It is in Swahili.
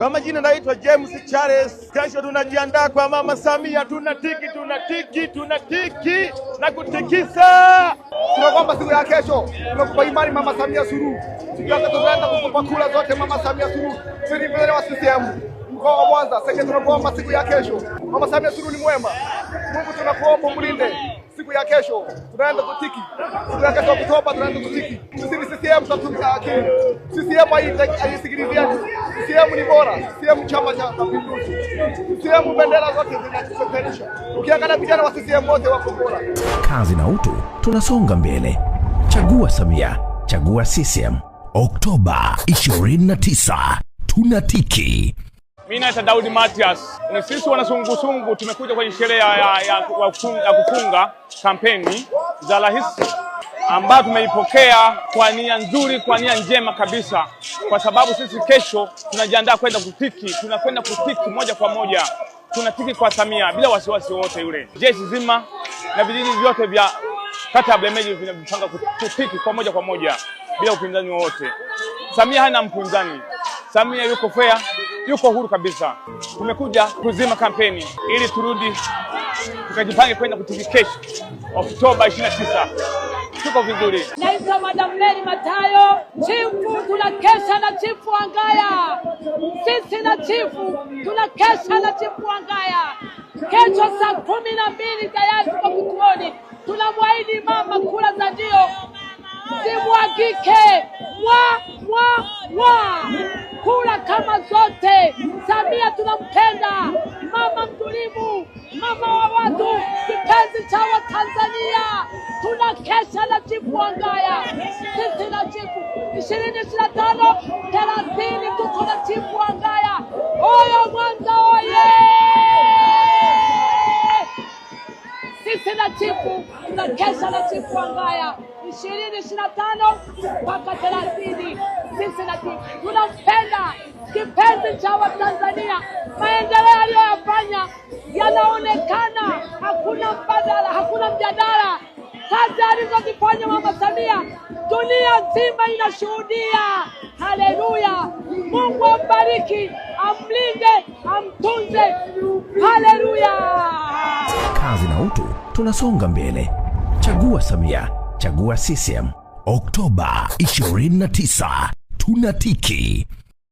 Kwa majina naitwa James Charles. Kesho tunajiandaa kwa Mama Samia, tuna tuna tiki, tiki, tuna tiki na kutikisa. Tunakwamba siku ya kesho tunakupa imani Mama Samia Suluhu, siku ya tunaenda kukupa kula zote Mama Samia Suluhu, sivile wa CCM mkoa wa Mwanza. Sasa tunakuomba siku ya kesho, Mama Samia Suluhu ni mwema, Mungu tunakuomba mlinde siku ya kesho tunaenda kutiki, siku ya kesho Oktoba tunaenda kutiki. Sisi ni CCM, tutatumia akili. CCM haisikilizia CCM ni bora, CCM chama cha mapinduzi, CCM bendera zote zinazipeperusha. Ukiangalia vijana wa CCM wote wako bora. Kazi na utu, tunasonga mbele. Chagua Samia, chagua CCM. Oktoba 29 tunatiki. Mimi naitwa Daudi Matias. Na sisi wanazungusungu tumekuja kwenye sherehe ya, ya, ya, ya kufunga kampeni za rais ambayo tumeipokea kwa nia nzuri, kwa nia njema kabisa, kwa sababu sisi kesho tunajiandaa kwenda kutiki, tunakwenda kutiki moja kwa moja, tunatiki kwa Samia bila wasiwasi wote yule. Jeshi zima na vijiji vyote vya kata ya Blemeji vinapanga kutiki kwa moja kwa moja bila upinzani wowote. Samia hana mpinzani, Samia yuko fair, yuko huru kabisa. Tumekuja kuzima kampeni ili turudi tukajipange kwenda kutiki kesho Oktoba 29 tuko vizuri. Naitwa Madam Mary Matayo, chifu tunakesha na chifu Wangaya, sisi na chifu tunakesha na chifu Wangaya. Kesho saa kumi na mbili tayari tuko kituoni, tunamwahidi mama kula za ndio zimwagike, mwa mwa mwa kula kama zote. Samia tunampenda, mama mtulivu, mama wa watu, kipenzi cha Watanzania kesha la chifu Wangaya, sisi na chifu ishirini ishirini na tano thelathini, tuko na chifu Wangaya. Oyo Mwanza oye! Sisi na chifu na kesha la chifu Wangaya ishirini ishirini na tano mpaka thelathini. Sisi na chifu tunampenda kipenzi cha Watanzania, maendeleo aliyoyafanya yanaonekana, hakuna mbadala, hakuna mjadala kazi alizozifanya mama Samia, dunia nzima inashuhudia. Haleluya! Mungu ambariki, amlinde, amtunze. Haleluya! Kazi na utu, tunasonga mbele. Chagua Samia, chagua CCM. Oktoba 29 tunatiki.